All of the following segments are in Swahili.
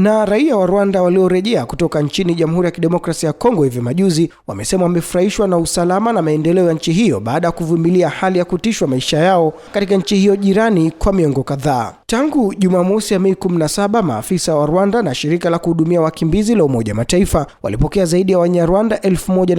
Na raia wa Rwanda waliorejea kutoka nchini Jamhuri ya Kidemokrasia ya Kongo hivi majuzi wamesema wamefurahishwa na usalama na maendeleo ya nchi hiyo baada ya kuvumilia hali ya kutishwa maisha yao katika nchi hiyo jirani kwa miongo kadhaa. Tangu Jumamosi ya Mei 17, maafisa wa Rwanda na shirika la kuhudumia wakimbizi la Umoja Mataifa walipokea zaidi ya Wanyarwanda elfu moja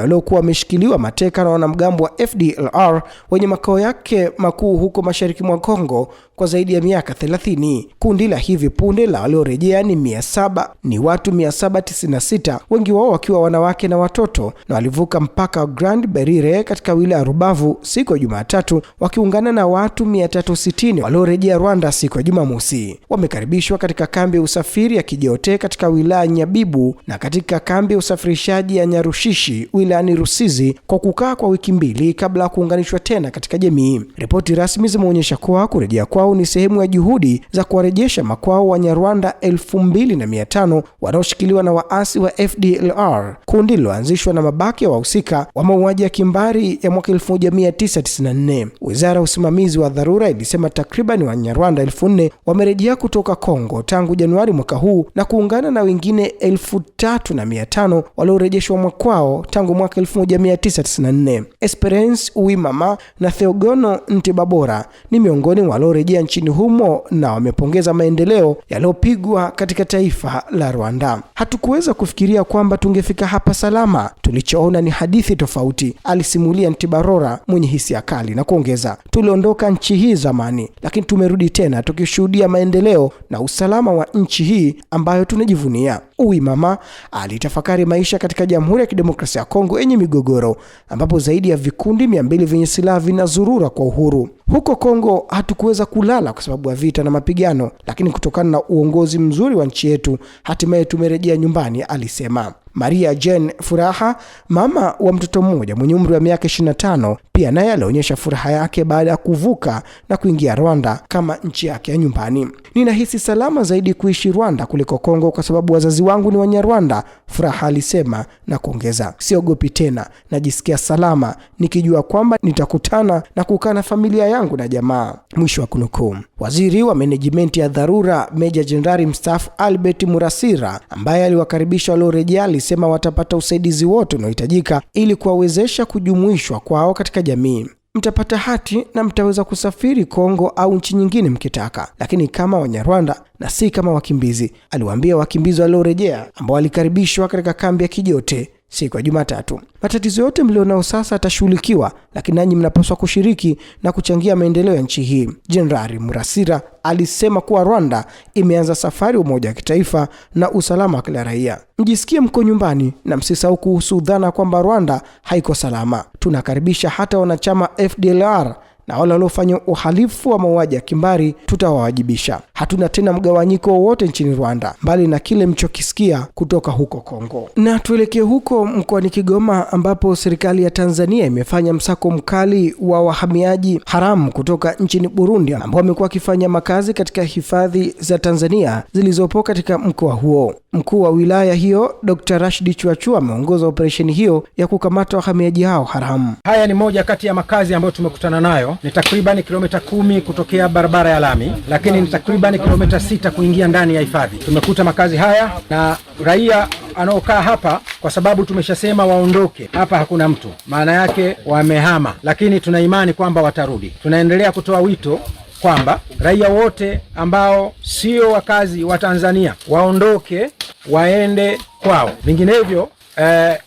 waliokuwa wameshikiliwa mateka na wanamgambo wa FDLR wenye makao yake makuu huko mashariki mwa Kongo kwa zaidi ya miaka 30. Kundi la hivi punde la waliorejea ni 700 ni watu 796, wengi wao wakiwa wanawake na watoto, na walivuka mpaka Grand Barriere katika wilaya ya Rubavu siku ya Jumatatu wakiungana na watu 360 waliorejea Rwanda Uganda siku ya Jumamosi. Wamekaribishwa katika kambi ya usafiri ya kijote katika wilaya Nyabibu na katika kambi ya usafirishaji ya Nyarushishi wilayani Rusizi kwa kukaa kwa wiki mbili kabla ya kuunganishwa tena katika jamii. Ripoti rasmi zimeonyesha kuwa kurejea kwao ni sehemu ya juhudi za kuwarejesha makwao wa nyarwanda 2500 wanaoshikiliwa na waasi wa FDLR, kundi liloanzishwa na mabaki ya wahusika wa mauaji ya kimbari ya mwaka 1994. Wizara ya usimamizi wa dharura ilisema takriban Wanyarwanda Rwanda elfu nne wamerejea kutoka Kongo tangu Januari mwaka huu na kuungana na wengine elfu tatu na mia tano waliorejeshwa mwakwao tangu mwaka 1994. Esperance Uimama na Theogono Ntibabora ni miongoni waliorejea nchini humo na wamepongeza maendeleo yaliyopigwa katika taifa la Rwanda. Hatukuweza kufikiria kwamba tungefika hapa salama, tulichoona ni hadithi tofauti, alisimulia Ntibarora mwenye hisia kali na kuongeza, tuliondoka nchi hii zamani, lakini tumerudi tena tena tukishuhudia maendeleo na usalama wa nchi hii ambayo tunajivunia. Uwi mama alitafakari maisha katika Jamhuri ya Kidemokrasia ya Kongo yenye migogoro, ambapo zaidi ya vikundi mia mbili vyenye silaha vinazurura kwa uhuru. Huko Kongo hatukuweza kulala kwa sababu ya vita na mapigano, lakini kutokana na uongozi mzuri wa nchi yetu hatimaye tumerejea nyumbani, alisema. Maria Jane Furaha, mama wa mtoto mmoja mwenye umri wa miaka 25, pia naye alionyesha furaha yake baada ya kuvuka na kuingia Rwanda kama nchi yake ya nyumbani. Ninahisi salama zaidi kuishi Rwanda kuliko Kongo kwa sababu wazazi wangu ni Wanyarwanda, Furaha alisema na kuongeza, siogopi tena, najisikia salama nikijua kwamba nitakutana na kukaa na familia yangu na jamaa. Mwisho wa kunukuu. Waziri wa menejimenti ya dharura Meja Jenerali mstaafu Albert Murasira, ambaye aliwakaribisha waliorejea, alisema watapata usaidizi wote unaohitajika ili kuwawezesha kujumuishwa kwao katika jamii. Mtapata hati na mtaweza kusafiri Kongo au nchi nyingine mkitaka, lakini kama Wanyarwanda na si kama wakimbizi, aliwaambia wakimbizi waliorejea ambao walikaribishwa katika kambi ya Kijote siku ya Jumatatu. Matatizo yote mlionao sasa yatashughulikiwa, lakini nanyi mnapaswa kushiriki na kuchangia maendeleo ya nchi hii. Jenerali Murasira alisema kuwa Rwanda imeanza safari umoja wa kitaifa na usalama wa kila raia. Mjisikie mko nyumbani na msisahau kuhusu dhana kwamba Rwanda haiko salama. Tunakaribisha hata wanachama FDLR na wale waliofanya uhalifu wa mauaji ya kimbari tutawawajibisha. Hatuna tena mgawanyiko wowote nchini Rwanda, mbali na kile mchokisikia kutoka huko Kongo. Na tuelekee huko mkoani Kigoma, ambapo serikali ya Tanzania imefanya msako mkali wa wahamiaji haramu kutoka nchini Burundi, ambao wamekuwa wakifanya makazi katika hifadhi za Tanzania zilizopo katika mkoa huo. Mkuu wa wilaya hiyo Dr. Rashidi chuachua ameongoza operesheni hiyo ya kukamata wahamiaji hao haramu. Haya ni moja kati ya makazi ambayo tumekutana nayo ni takriban kilomita kumi kutokea barabara ya lami, lakini ni takriban kilomita sita kuingia ndani ya hifadhi. Tumekuta makazi haya na raia anaokaa hapa, kwa sababu tumeshasema waondoke hapa, hakuna mtu, maana yake wamehama, lakini tuna imani kwamba watarudi. Tunaendelea kutoa wito kwamba raia wote ambao sio wakazi wa Tanzania waondoke waende kwao, vinginevyo eh,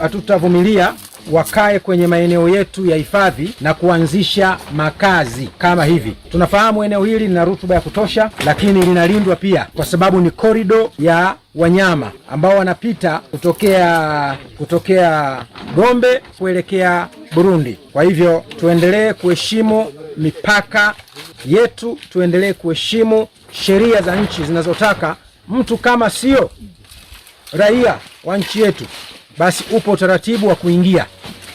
hatutavumilia wakae kwenye maeneo yetu ya hifadhi na kuanzisha makazi kama hivi. Tunafahamu eneo hili lina rutuba ya kutosha, lakini linalindwa pia kwa sababu ni korido ya wanyama ambao wanapita kutokea kutokea Gombe kuelekea Burundi. Kwa hivyo tuendelee kuheshimu mipaka yetu, tuendelee kuheshimu sheria za nchi zinazotaka mtu kama sio raia wa nchi yetu basi upo utaratibu wa kuingia,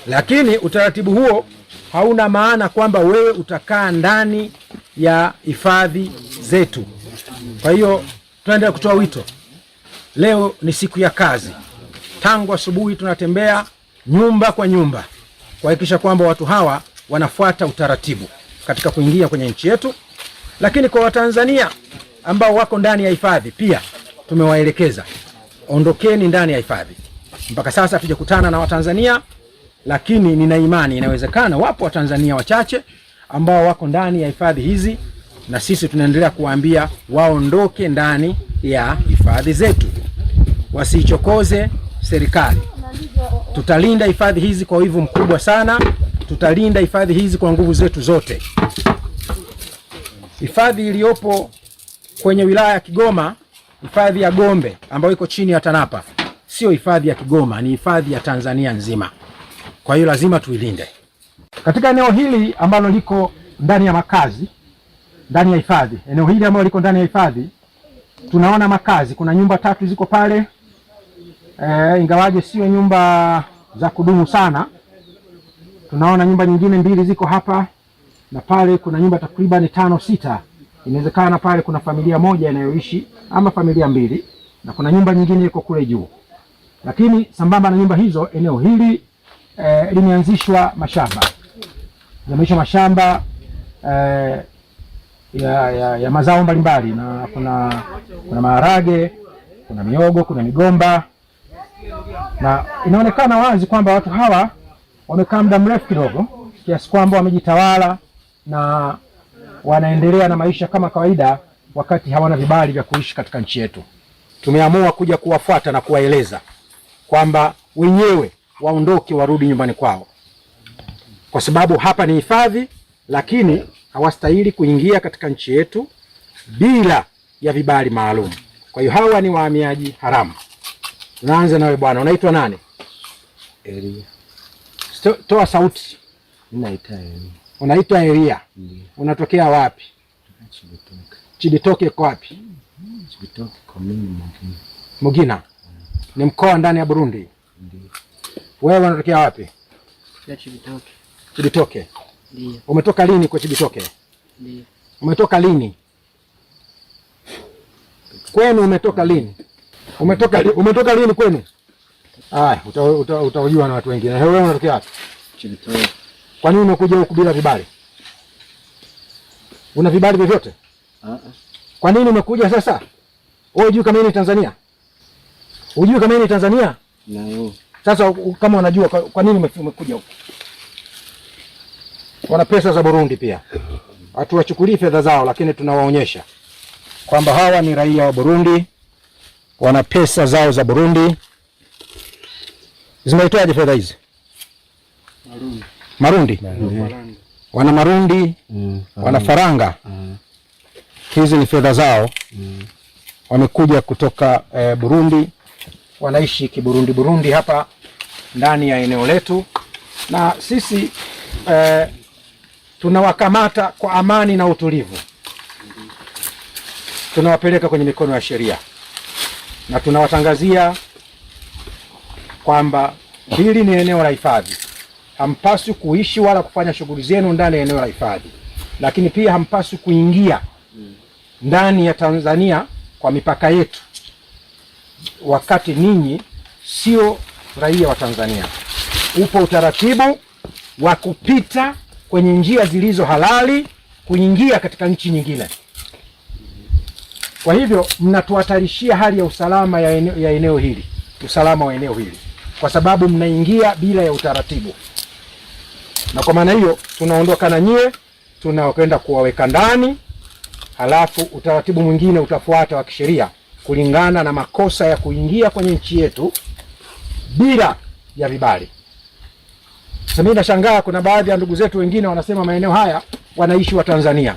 lakini utaratibu huo hauna maana kwamba wewe utakaa ndani ya hifadhi zetu. Kwa hiyo tunaendelea kutoa wito. Leo ni siku ya kazi, tangu asubuhi tunatembea nyumba kwa nyumba kuhakikisha kwamba watu hawa wanafuata utaratibu katika kuingia kwenye nchi yetu. Lakini kwa Watanzania ambao wako ndani ya hifadhi pia tumewaelekeza ondokeni ndani ya hifadhi. Mpaka sasa hatujakutana na Watanzania, lakini nina imani inawezekana wapo Watanzania wachache ambao wako ndani ya hifadhi hizi, na sisi tunaendelea kuwaambia waondoke ndani ya hifadhi zetu, wasiichokoze serikali. Tutalinda hifadhi hizi kwa wivu mkubwa sana, tutalinda hifadhi hizi kwa nguvu zetu zote. Hifadhi iliyopo kwenye wilaya ya Kigoma, hifadhi ya Gombe ambayo iko chini ya TANAPA sio hifadhi ya Kigoma, ni hifadhi ya Tanzania nzima. Kwa hiyo lazima tuilinde. Katika eneo hili ambalo liko ndani ya makazi, ndani ya hifadhi, eneo hili ambalo liko ndani ya hifadhi, tunaona makazi, kuna nyumba tatu ziko pale e, ingawaje sio nyumba za kudumu sana. Tunaona nyumba nyingine mbili ziko hapa na pale, kuna nyumba takriban tano sita. Inawezekana pale kuna familia moja inayoishi ama familia mbili, na kuna nyumba nyingine iko kule juu. Lakini sambamba na nyumba hizo, eneo hili eh, limeanzishwa mashamba limeanzishwa mashamba eh, ya, ya, ya mazao mbalimbali na kuna, kuna maharage, kuna miogo, kuna migomba na inaonekana wazi kwamba watu hawa wamekaa muda mrefu kidogo kiasi kwamba wamejitawala na wanaendelea na maisha kama kawaida, wakati hawana vibali vya kuishi katika nchi yetu. Tumeamua kuja kuwafuata na kuwaeleza kwamba wenyewe waondoke warudi nyumbani kwao, kwa sababu hapa ni hifadhi, lakini hawastahili kuingia katika nchi yetu bila ya vibali maalum. Kwa hiyo hawa ni wahamiaji haramu. Naanza nawe bwana, unaitwa nani? Elia. Toa sauti. Unaitwa Elia. Unatokea wapi? Chibitoke. Chibitoke kwa wapi? Chibitoke kwa mimi Mugina ni mkoa ndani ya Burundi. Ndiyo. Wewe unatokea wapi? Ya Chibitoke. Chibitoke. Ndiyo. Umetoka lini kwa Chibitoke? Ndiyo. Umetoka lini? Kwenu umetoka lini? Umetoka li, umetoka lini kwenu? Ah, utaujua uta, uta na watu wengine. Wewe unatokea wapi? Chibitoke. Kwa nini umekuja huku bila vibali? Una vibali vyovyote? Uh -uh. Kwa nini umekuja sasa? Wewe juu kama ni Tanzania? Ujue kama hii ni Tanzania? Nayo. Sasa kama wanajua kwa, nini umekuja huko? Wana pesa za Burundi pia. Hatuwachukulii fedha zao, lakini tunawaonyesha kwamba hawa ni raia wa Burundi, wana pesa zao za Burundi. Zimeitwaje fedha hizi? Marundi. Marundi. Marundi. Wana marundi mm, wana faranga mm. Hizi ni fedha zao mm. Wamekuja kutoka eh, Burundi wanaishi kiburundi Burundi hapa ndani ya eneo letu, na sisi eh, tunawakamata kwa amani na utulivu, tunawapeleka kwenye mikono ya sheria na tunawatangazia kwamba hili ni eneo la hifadhi, hampaswi kuishi wala kufanya shughuli zenu ndani ya eneo la hifadhi, lakini pia hampaswi kuingia ndani ya Tanzania kwa mipaka yetu wakati ninyi sio raia wa Tanzania. Upo utaratibu wa kupita kwenye njia zilizo halali kuingia katika nchi nyingine. Kwa hivyo mnatuhatarishia hali ya usalama ya eneo, ya eneo hili, usalama wa eneo hili, kwa sababu mnaingia bila ya utaratibu, na kwa maana hiyo tunaondoka na nyie, tunakwenda kuwaweka ndani, halafu utaratibu mwingine utafuata wa kisheria kulingana na makosa ya kuingia kwenye nchi yetu bila ya vibali. Sasa mimi nashangaa kuna baadhi ya ndugu zetu wengine wanasema maeneo haya wanaishi Watanzania.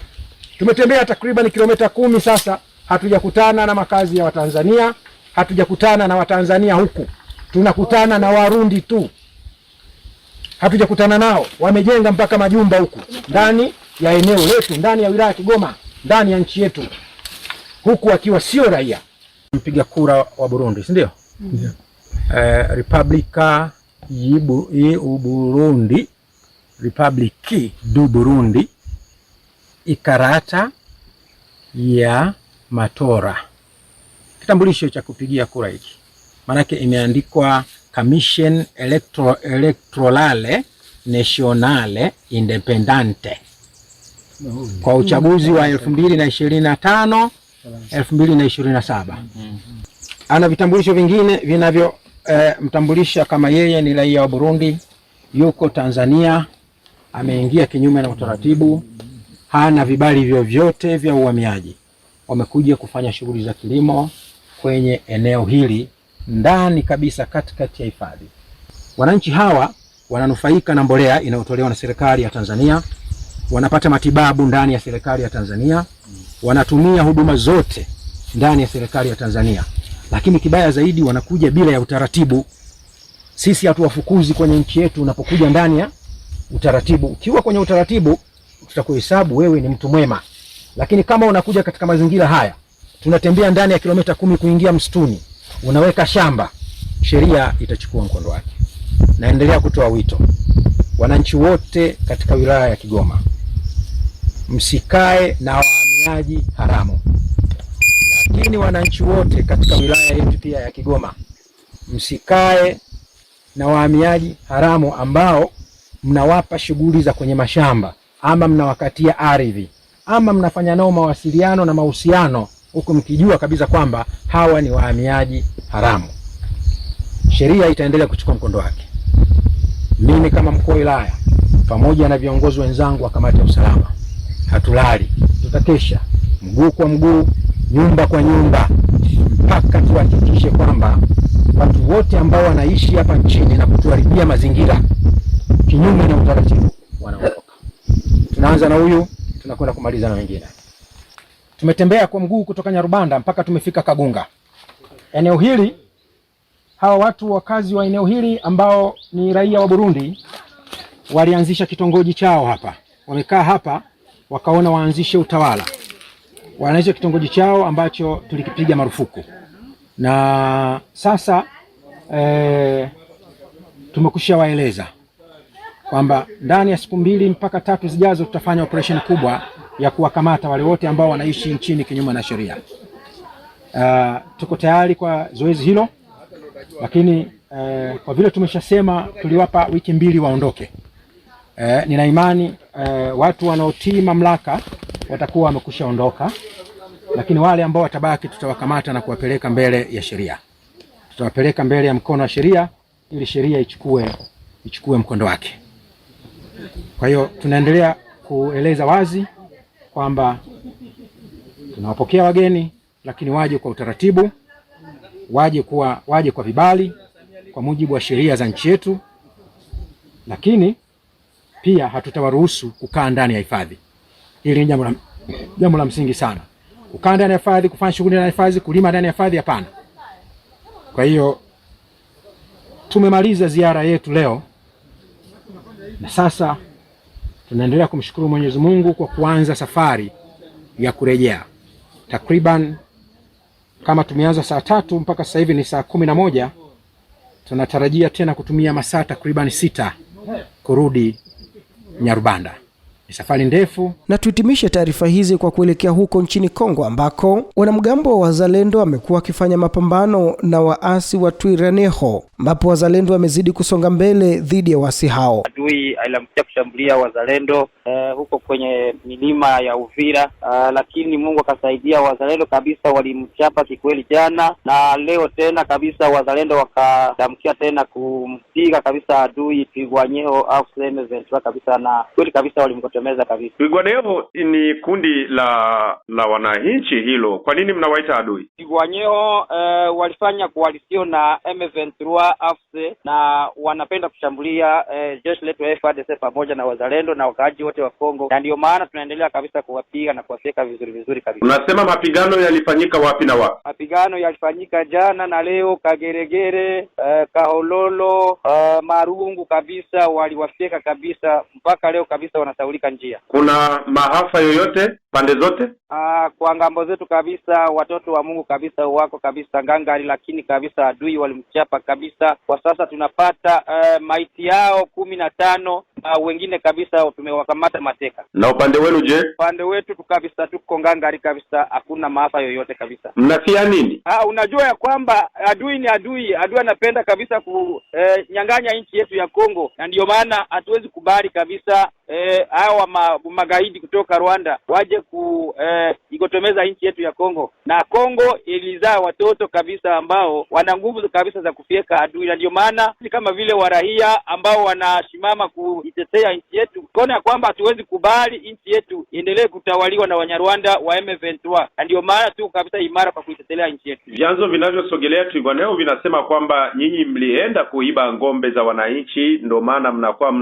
Tumetembea takriban kilomita kumi sasa, hatujakutana na makazi ya Watanzania, hatujakutana na Watanzania huku, tunakutana na Warundi tu, hatujakutana nao. Wamejenga mpaka majumba huku ndani ya eneo letu, ndani ya wilaya ya Kigoma, ndani ya nchi yetu, huku akiwa sio raia mpiga kura wa Burundi, si ndio? Yeah. Mm-hmm. Eh, Republika yibu, yibu Burundi Republiki du Burundi ikarata ya matora kitambulisho cha kupigia kura hiki, maanake imeandikwa Commission Electro, Electorale Nationale Independente kwa uchaguzi wa elfu mbili na ishirini na tano elfu mbili na ishirini na saba. Ana vitambulisho vingine vinavyo eh, kama yeye ni raia wa Burundi, yuko Tanzania, ameingia kinyume na utaratibu, hana vibali vyovyote vya uhamiaji. Wamekuja kufanya shughuli za kilimo kwenye eneo hili ndani kabisa katikati ya hifadhi. Wananchi hawa wananufaika na mbolea inayotolewa na serikali ya Tanzania, wanapata matibabu ndani ya serikali ya Tanzania wanatumia huduma zote ndani ya serikali ya Tanzania, lakini kibaya zaidi wanakuja bila ya utaratibu. Sisi hatuwafukuzi kwenye nchi yetu, unapokuja ndani ya utaratibu. Ukiwa kwenye utaratibu, tutakuhesabu wewe ni mtu mwema, lakini kama unakuja katika mazingira haya, tunatembea ndani ya kilomita kumi kuingia msituni, unaweka shamba, sheria itachukua mkondo wake. Naendelea kutoa wito wananchi wote katika wilaya ya Kigoma, msikae na wa wahamiaji haramu. Lakini wananchi wote katika wilaya yetu pia ya Kigoma, msikae na wahamiaji haramu ambao mnawapa shughuli za kwenye mashamba ama mnawakatia ardhi ama mnafanya nao mawasiliano na mahusiano huku mkijua kabisa kwamba hawa ni wahamiaji haramu. Sheria itaendelea kuchukua mkondo wake. Mimi kama mkuu wa wilaya pamoja na viongozi wenzangu wa kamati ya usalama hatulali tutakesha mguu kwa mguu, nyumba kwa nyumba, mpaka tuhakikishe kwamba watu wote ambao wanaishi hapa nchini na kutuharibia mazingira kinyume na utaratibu wanaondoka. Tunaanza na huyu, tunakwenda kumaliza na wengine. Tumetembea kwa mguu kutoka Nyarubanda mpaka tumefika Kagunga. Eneo hili hawa watu wakazi wa eneo hili ambao ni raia wa Burundi walianzisha kitongoji chao hapa, wamekaa hapa wakaona waanzishe utawala, wanaanzisha kitongoji chao ambacho tulikipiga marufuku na sasa e, tumekusha waeleza kwamba ndani ya siku mbili mpaka tatu zijazo tutafanya operation kubwa ya kuwakamata wale wote ambao wanaishi nchini kinyume na sheria. Uh, tuko tayari kwa zoezi hilo, lakini uh, kwa vile tumeshasema tuliwapa wiki mbili waondoke eh, nina imani eh, watu wanaotii mamlaka watakuwa wamekusha ondoka, lakini wale ambao watabaki tutawakamata na kuwapeleka mbele ya sheria, tutawapeleka mbele ya mkono wa sheria ili sheria ichukue, ichukue mkondo wake. Kwa hiyo tunaendelea kueleza wazi kwamba tunawapokea wageni, lakini waje kwa utaratibu, waje kuwa waje kwa vibali kwa mujibu wa sheria za nchi yetu, lakini pia hatutawaruhusu kukaa ndani ya hifadhi. Hili ni jambo la jambo la msingi sana. Kukaa ndani ya hifadhi, kufanya shughuli ndani ya hifadhi, kulima ndani ya hifadhi, hapana. Kwa hiyo tumemaliza ziara yetu leo na sasa tunaendelea kumshukuru Mwenyezi Mungu kwa kuanza safari ya kurejea. Takriban kama tumeanza saa tatu mpaka sasa hivi ni saa kumi na moja tunatarajia tena kutumia masaa takriban sita kurudi Nyarubanda. Ni safari ndefu. Na tuhitimishe taarifa hizi kwa kuelekea huko nchini Kongo, ambako wanamgambo wa wazalendo wamekuwa wakifanya mapambano na waasi wa twiraneho ambapo wazalendo wamezidi kusonga mbele dhidi ya waasi hao. Adui aliamkia kushambulia wazalendo uh, huko kwenye milima ya Uvira uh, lakini Mungu akasaidia wazalendo kabisa, walimchapa kikweli jana na leo tena kabisa, wazalendo wakalamkia tena kumpiga kabisa adui Twirwaneho au kabisa, na kweli kabisa walimkotea kutokomeza kabisa. Twigwaneho ni kundi la la wananchi hilo, kwa nini mnawaita adui? Twigwaneho uh, eh, walifanya koalisio na M23 AFC na wanapenda kushambulia uh, jeshi letu la FARDC pamoja na wazalendo na wakaaji wote wa Kongo, na ndio maana tunaendelea kabisa kuwapiga na kuwafyeka vizuri vizuri kabisa. Unasema mapigano yalifanyika wapi na wapi? Mapigano yalifanyika jana na leo Kageregere, uh, Kahololo, uh, Marungu kabisa, waliwafyeka kabisa mpaka leo kabisa wanasaulika njia. Kuna maafa yoyote pande zote? Aa, ah, kwa ngambo zetu kabisa, watoto wa Mungu kabisa wako kabisa ngangari, lakini kabisa adui walimchapa kabisa. Kwa sasa tunapata uh, maiti yao kumi na tano na wengine kabisa tumewakamata mateka. Na upande wenu je? Upande wetu kabisa tuko ngangari kabisa, hakuna maafa yoyote kabisa. Mnafia nini? Ah, unajua ya kwamba adui ni adui, adui anapenda kabisa kunyang'anya eh, nchi yetu ya Kongo, na ndio maana hatuwezi kubali kabisa Eh, hawa ma, magaidi kutoka Rwanda waje kuigotomeza eh, nchi yetu ya Kongo, na Kongo ilizaa watoto kabisa ambao wana nguvu kabisa za kufieka adui, na ndio maana kama vile warahia ambao wanasimama kuitetea nchi yetu, kuona ya kwamba hatuwezi kubali nchi yetu iendelee kutawaliwa na Wanyarwanda wa M23, na ndio maana tu kabisa imara kwa kuitetea nchi yetu. Vyanzo vinavyosogelea Twirwaneho vinasema kwamba nyinyi mlienda kuiba ngombe za wananchi, ndio maana mnakuwa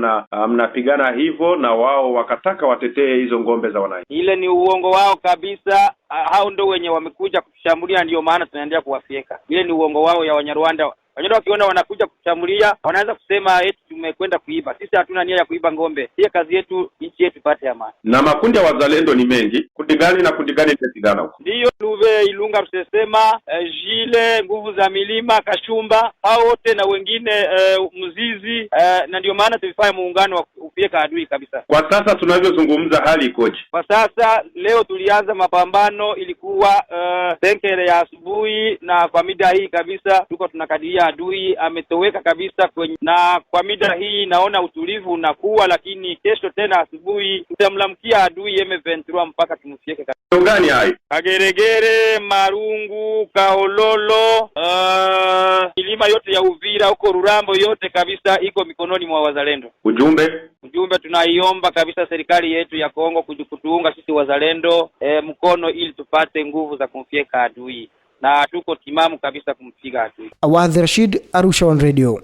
mnapigana mna hivyo na wao wakataka watetee hizo ng'ombe za wananchi. Ile ni uongo wao kabisa. Hao ndio wenye wamekuja kutushambulia, ndio maana tunaendelea kuwafyeka. Ile ni uongo wao ya Wanyarwanda. Wanyarwanda wakiona wanakuja kutushambulia, wanaanza kusema eti tumekwenda kuiba. Sisi hatuna nia ya kuiba ng'ombe, hiyo kazi yetu, nchi yetu ipate amani. Na makundi ya wazalendo ni mengi, kundi gani na kundi gani litashindana huko? Ndiyo Luve, Ilunga, Rusesema, eh, Jile, nguvu za milima, Kashumba, hao wote na wengine eh, Mzizi eh, na ndio maana tulifanya muungano wa kupieka adui kabisa. Kwa sasa tunavyozungumza, hali ikoje kwa sasa? Leo tulianza mapambano, ilikuwa eh, senkele ya asubuhi, na kwa mida hii kabisa tuko tunakadiria adui ametoweka kabisa kwenye na kwa mida Subira hii naona utulivu unakuwa, lakini kesho tena asubuhi tutamlamkia adui M23 mpaka tumfyeke Gani hai Kageregere, Marungu, Kaololo, uh, milima yote ya Uvira huko Rurambo yote kabisa iko mikononi mwa wazalendo. Ujumbe ujumbe, tunaiomba kabisa serikali yetu ya Kongo kutuunga sisi wazalendo eh, mkono ili tupate nguvu za kumfieka adui na tuko timamu kabisa kumpiga adui. Awadhi Rashid, Arusha One Radio.